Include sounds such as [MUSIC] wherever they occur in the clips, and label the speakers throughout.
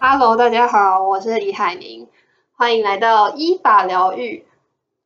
Speaker 1: Hello，大家好，我是李海寧，歡迎來到依法療癒。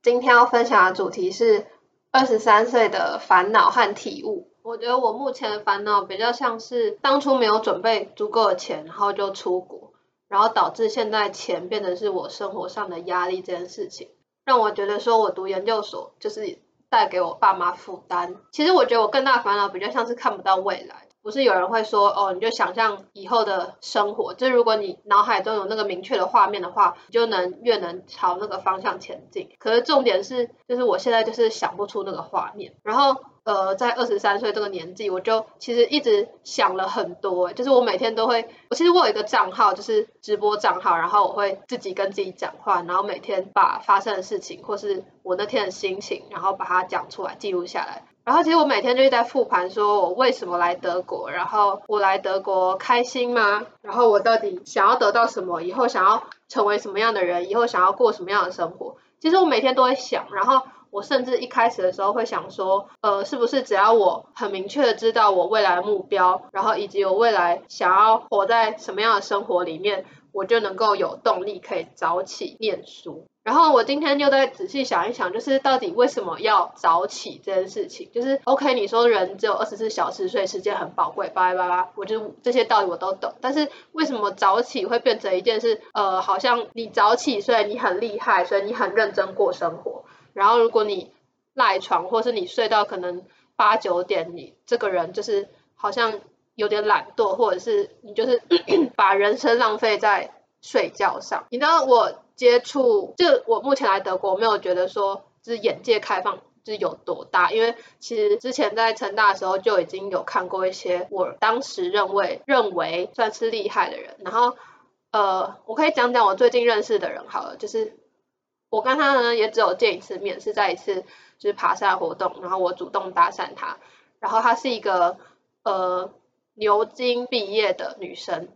Speaker 1: 今天要分享的主題是二十三歲的煩惱和體悟。我覺得我目前的煩惱比較像是當初沒有準備足夠的錢，然後就出國，然後導致現在錢變得是我生活上的壓力這件事情，讓我覺得說我讀研究所就是。帶給我爸媽負擔。其實我覺得我更大的煩惱，比較像是看不到未來。不是有人會說，哦，你就想象以後的生活，就如果你腦海中有那個明確的畫面的話，你就能越能朝那個方向前進。可是重點是，就是我現在就是想不出那個畫面。然後。呃，在二十三歲這個年紀，我就其實一直想了很多。就是我每天都會，我其實我有一個賬號，就是直播賬號，然後我會自己跟自己講話，然後每天把發生的事情或是我那天的心情，然後把它講出來記錄下來。然後其實我每天就是在複盤，說我為什麼來德國，然後我來德國開心嗎？然後我到底想要得到什麼？以後想要成為什麼樣的人？以後想要過什麼樣的生活？其實我每天都會想，然後。我甚至一開始的時候會想說，呃，是不是只要我很明確的知道我未來的目標，然後以及我未來想要活在什麼樣的生活裡面，我就能夠有動力可以早起念書。然後我今天又在仔細想一想，就是到底為什麼要早起這件事情？就是 OK，你說人只有二十四小時，所以時間很寶貴，巴拉巴拉。我就這些道理我都懂，但是為什麼早起會變成一件事？呃，好像你早起，所以你很厲害，所以你很認真過生活。然後，如果你賴床，或是你睡到可能八九點，你這個人就是好像有點懶惰，或者是你就是把人生浪費在睡覺上。你知道，我接觸就我目前來德國，沒有覺得說就是眼界開放就是有多大，因為其實之前在成大的時候就已經有看過一些我當時認為、認為算是厲害的人。然後，呃，我可以講講我最近認識的人好了，就是。我跟他呢也只有見一次面，是在一次就是爬山活動，然後我主動搭訕他，然後他是一個呃牛津畢業的女生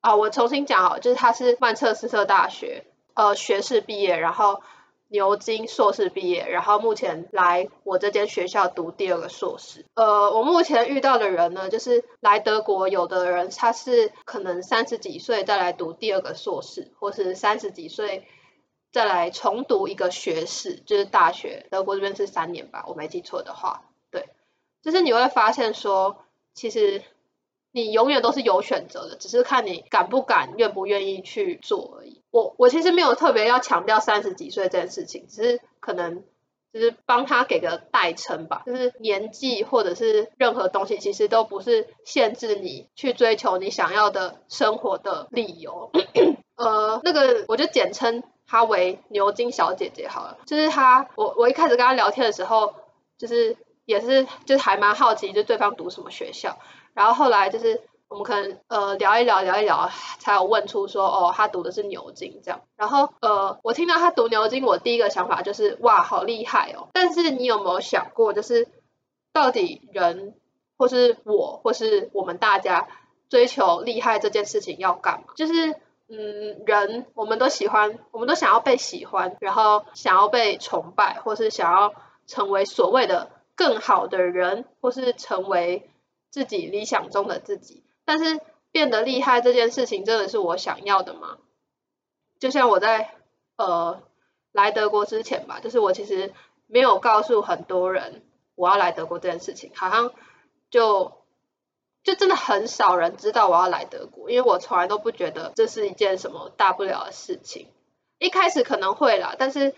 Speaker 1: 啊。我重新講哦，就是他是曼徹斯特大學呃學士畢業，然後牛津碩士畢業，然後目前來我這間學校讀第二個碩士。呃，我目前遇到的人呢，就是來德國，有的人他是可能三十幾歲再來讀第二個碩士，或是三十幾歲。再來重讀一個學士，就是大學，德國這邊是三年吧，我沒記錯的話，對，就是你會發現說，其實你永遠都是有選擇的，只是看你敢不敢、願不願意去做而已。我我其實沒有特別要強調三十幾歲這件事情，只是可能只是幫他給個代稱吧，就是年紀或者是任何東西，其實都不是限制你去追求你想要的生活的理由。 [COUGHS] 呃，那個我就簡稱。她為牛津小姐姐好了，就是她，我我一開始跟她聊天的時候，就是也是就是還蠻好奇，就對方讀什麼學校，然後後來就是我們可能呃聊一聊聊一聊，才有問出說哦，她讀的是牛津這樣，然後呃，我聽到她讀牛津，我第一個想法就是哇，好厲害哦！但是你有沒有想過，就是到底人或是我或是我們大家追求厲害這件事情要幹嘛？就是。嗯，人我們都喜歡，我們都想要被喜歡，然後想要被崇拜，或是想要成為所謂的更好的人，或是成為自己理想中的自己。但是，變得厲害這件事情真的是我想要的嗎？就像我在呃來德國之前吧，就是我其實沒有告訴很多人我要來德國這件事情，好像就。就真的很少人知道我要來德國，因為我從來都不覺得這是一件什麼大不了的事情。一開始可能會啦，但是，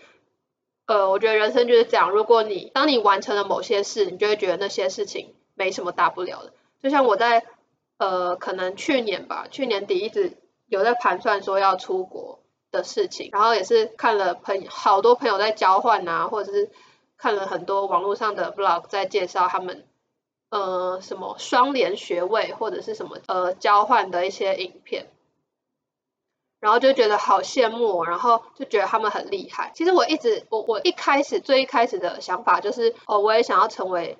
Speaker 1: 呃，我覺得人生就是這樣。如果你當你完成了某些事，你就會覺得那些事情沒什麼大不了的。就像我在呃，可能去年吧，去年底一直有在盤算說要出國的事情，然後也是看了朋友好多朋友在交換啊，或者是看了很多網絡上的 vlog 在介紹他們。呃，什麼雙聯學位或者是什麼呃交換的一些影片，然後就覺得好羨慕，然後就覺得他們很厲害。其實我一直，我我一開始最一開始的想法就是，哦，我也想要成為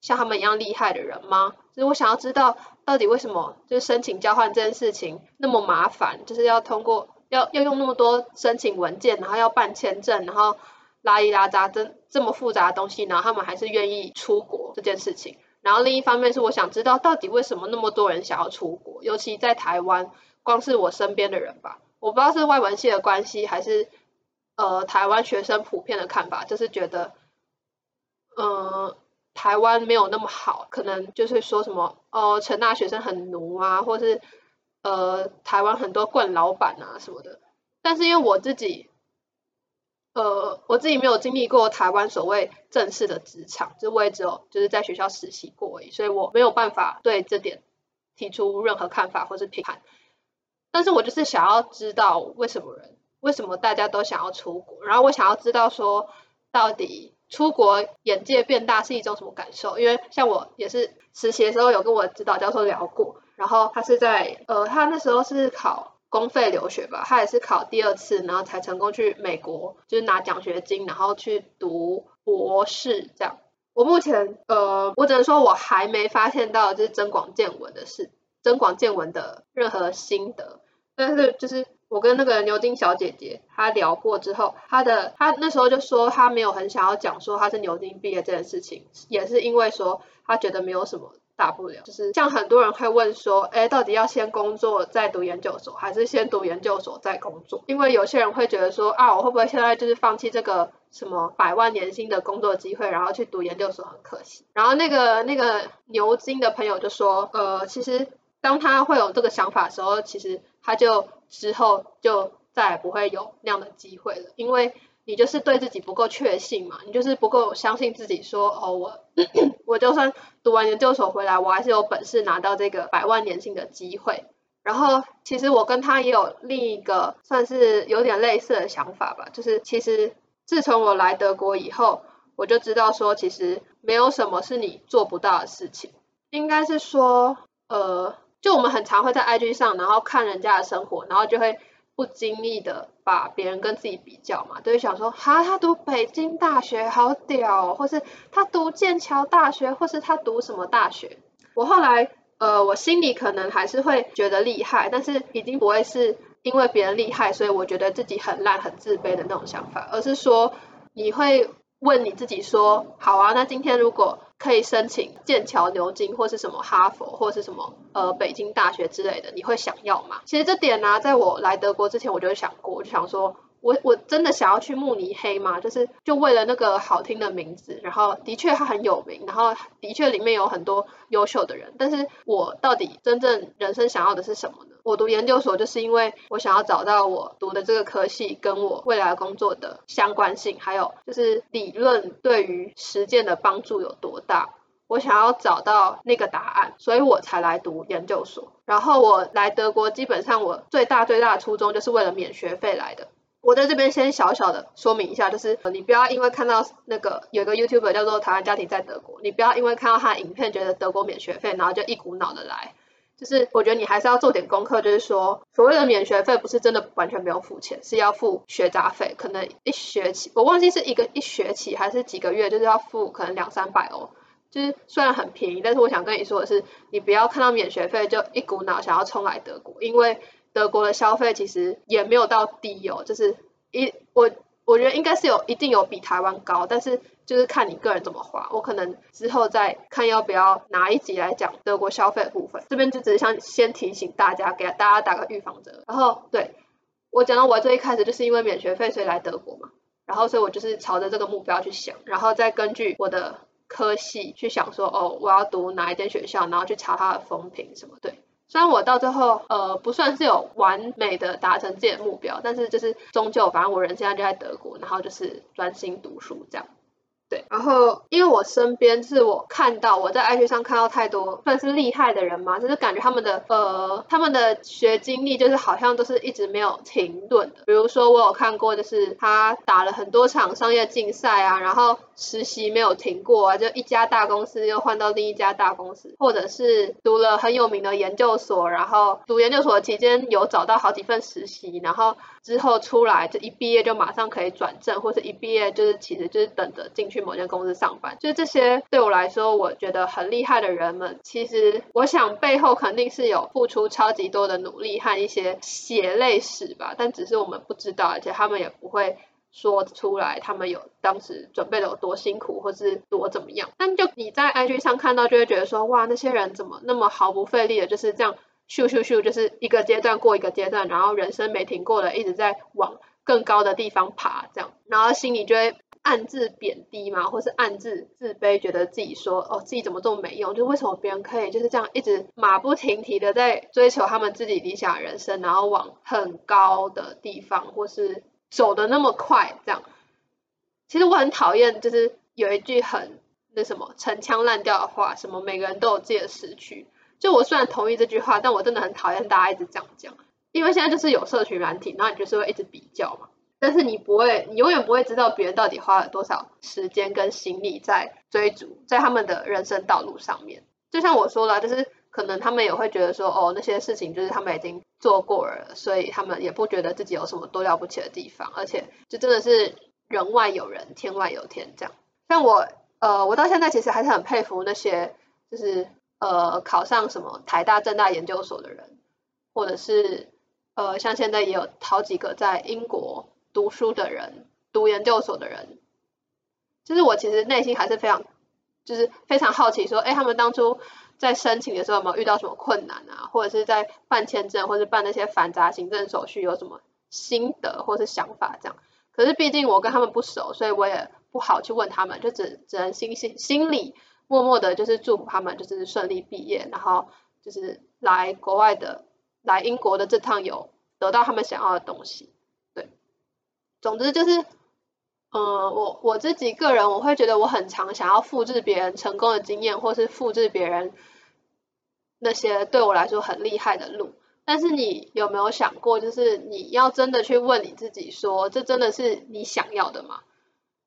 Speaker 1: 像他們一樣厲害的人嗎？就是我想要知道到底為什麼就是申請交換這件事情那麼麻煩，就是要通過要要用那麼多申請文件，然後要辦簽證，然後拉哩拉雜，這這麼複雜的東西，然後他們還是願意出國這件事情。然後另一方面是我想知道，到底為什麼那麼多人想要出國？尤其在台灣，光是我身邊的人吧，我不知道是外文系的關係，還是呃台灣學生普遍的看法，就是覺得，呃，台灣沒有那麼好，可能就是說什麼哦，呃，成大學生很奴啊，或是呃台灣很多慣老闆啊什麼的。但是因為我自己。呃，我自己沒有經歷過台灣所謂正式的職場，就我也只有就是在學校實習過而已，所以我沒有辦法對這點提出任何看法或是批判。但是我就是想要知道為什麼人，為什麼大家都想要出國，然後我想要知道說，到底出國眼界變大是一種什麼感受？因為像我也是實習的時候有跟我指導教授聊過，然後他是在呃，他那時候是考。公費留學吧，他也是考第二次，然後才成功去美國，就是拿獎學金，然後去讀博士這樣。我目前呃，我只能說我還沒發現到就是增廣見聞的事，增廣見聞的任何心得。但是就是我跟那個牛津小姐姐她聊過之後，她的她那時候就說她沒有很想要講說她是牛津畢業這件事情，也是因為說她覺得沒有什麼。大不了就是像很多人會問說，哎，到底要先工作再讀研究所，還是先讀研究所再工作？因為有些人會覺得說，啊，我會不會現在就是放棄這個什麼百萬年薪的工作機會，然後去讀研究所很可惜。然後那個那個牛津的朋友就說，呃，其實當他會有這個想法的時候，其實他就之後就再也不會有那樣的機會了，因為你就是對自己不夠確信嘛，你就是不夠相信自己說，哦，我。我就算讀完研究所回來，我還是有本事拿到這個百萬年薪的機會。然後，其實我跟他也有另一個算是有點類似的想法吧，就是其實自從我來德國以後，我就知道說，其實沒有什麼是你做不到的事情。應該是說，呃，就我們很常會在 IG 上，然後看人家的生活，然後就會。不經意的把別人跟自己比較嘛，都會想說，哈，他讀北京大學好屌哦，或是他讀劍橋大學，或是他讀什麼大學。我後來，呃，我心裡可能還是會覺得厲害，但是已經不會是因為別人厲害，所以我覺得自己很爛、很自卑的那種想法，而是說，你會問你自己說，好啊，那今天如果。可以申請劍橋、牛津，或是什麼哈佛，或是什麼呃北京大學之類的，你會想要嗎？其實這點呢、啊，在我來德國之前，我就想過，我就想說。我我真的想要去慕尼黑嗎？就是就為了那個好聽的名字，然後的確它很有名，然後的確裡面有很多優秀的人。但是我到底真正人生想要的是什麼呢？我讀研究所就是因為我想要找到我讀的這個科系跟我未來工作的相關性，還有就是理論對於實踐的幫助有多大。我想要找到那個答案，所以我才來讀研究所。然後我來德國，基本上我最大最大的初衷就是為了免學費來的。我在這邊先小小的說明一下，就是你不要因為看到那個有一個 YouTuber 叫做台灣家庭在德國，你不要因為看到他的影片覺得德國免學費，然後就一股腦的來。就是我覺得你還是要做點功課，就是說所謂的免學費不是真的完全不用付錢，是要付學雜費。可能一學期我忘記是一個一學期還是幾個月，就是要付可能兩三百歐。就是雖然很便宜，但是我想跟你說的是，你不要看到免學費就一股腦想要衝來德國，因為。德國的消費其實也沒有到低哦，就是一我我覺得應該是有一定有比台灣高，但是就是看你個人怎麼花。我可能之後再看要不要拿一集來講德國消費的部分。這邊就只是想先提醒大家，給大家打個預防針。然後對，我講到我最一開始就是因為免學費所以來德國嘛，然後所以我就是朝着這個目標去想，然後再根據我的科系去想說哦我要讀哪一間學校，然後去查它的風評什麼對。雖然我到最後，呃，不算是有完美的達成自己的目標，但是就是終究，反正我人現在就在德國，然後就是專心讀書這樣。對，然後因為我身邊是我看到我在 IG 上看到太多算是厲害的人嘛，就是感覺他們的呃他們的學經歷就是好像都是一直沒有停頓的。比如說我有看過，就是他打了很多場商業競賽啊，然後實習沒有停過，啊，就一家大公司又換到另一家大公司，或者是讀了很有名的研究所，然後讀研究所的期間有找到好幾份實習，然後之後出來就一畢業就馬上可以轉正，或者一畢業就是其實就是等着進去。某間公司上班。就這些對我來說，我覺得很厲害的人們，其實我想背後肯定是有付出超級多的努力和一些血淚史吧。但只是我們不知道，而且他們也不會說出來，他們有當時準備的有多辛苦，或是多怎麼樣。但就你在 IG 上看到，就會覺得說，哇，那些人怎麼那麼毫不費力的，就是這樣咻咻咻，就是一個階段過一個階段，然後人生沒停過的，一直在往更高的地方爬，這樣，然後心裡就會。暗自貶低嘛，或是暗自自卑，覺得自己說哦，自己怎麼這麼沒用？就為什麼別人可以就是這樣一直馬不停蹄的在追求他們自己理想的人生，然後往很高的地方或是走得那麼快？這樣，其實我很討厭，就是有一句很那什麼陳腔濫調的話，什麼每個人都有自己的時區。就我雖然同意這句話，但我真的很討厭大家一直這樣講，因為現在就是有社群軟體，然後你就是會一直比較嘛。但是你不會，你永遠不會知道別人到底花了多少時間跟心力在追逐，在他們的人生道路上面。就像我說了，就是可能他們也會覺得說，哦，那些事情就是他們已經做過了，所以他們也不覺得自己有什麼多了不起的地方。而且，就真的是人外有人，天外有天這樣。像我，呃，我到現在其實還是很佩服那些，就是呃，考上什麼台大、政大研究所的人，或者是呃，像現在也有好幾個在英國。讀書的人，讀研究所的人，就是我其實內心還是非常，就是非常好奇，說，哎，他們當初在申請的時候有沒有遇到什麼困難啊？或者是在辦簽證或者辦那些繁雜行政手續有什麼心得或是想法？這樣，可是畢竟我跟他們不熟，所以我也不好去問他們，就只只能心心心裡默默的，就是祝福他們，就是順利畢業，然後就是來國外的，來英國的這趟有得到他們想要的東西。總之就是，呃、嗯，我我自己個人，我會覺得我很常想要複製別人成功的經驗，或是複製別人那些對我來說很厲害的路。但是你有沒有想過，就是你要真的去問你自己說，說這真的是你想要的嗎？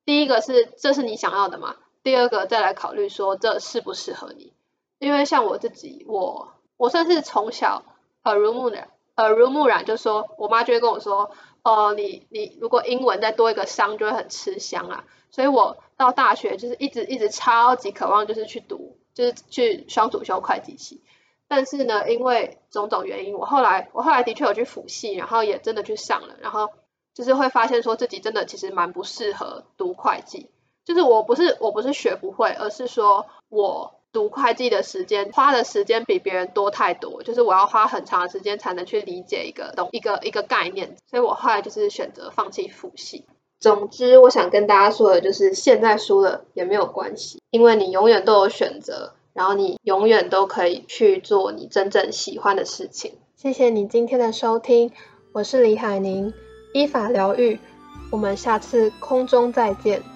Speaker 1: 第一個是，這是你想要的嗎？第二個再來考慮說，這適不適合你。因為像我自己，我我算是從小耳濡目染。耳濡目染，就說我媽就會跟我說：“哦，你你如果英文再多一個商，就會很吃香啊。”所以，我到大學就是一直一直超級渴望，就是去讀，就是去雙主修會計系。但是呢，因為種種原因，我後來我後來的確有去輔系，然後也真的去上了，然後就是會發現說自己真的其實蠻不適合讀會計。就是我不是我不是學不會，而是說我。讀會計的時間，花的時間比別人多太多，就是我要花很長的時間才能去理解一個東一個一個概念，所以我後來就是選擇放棄復習。總之，我想跟大家說的就是，現在輸了也沒有關係，因為你永遠都有選擇，然後你永遠都可以去做你真正喜歡的事情。謝謝你今天的收聽，我是李海寧，依法療癒，我們下次空中再見。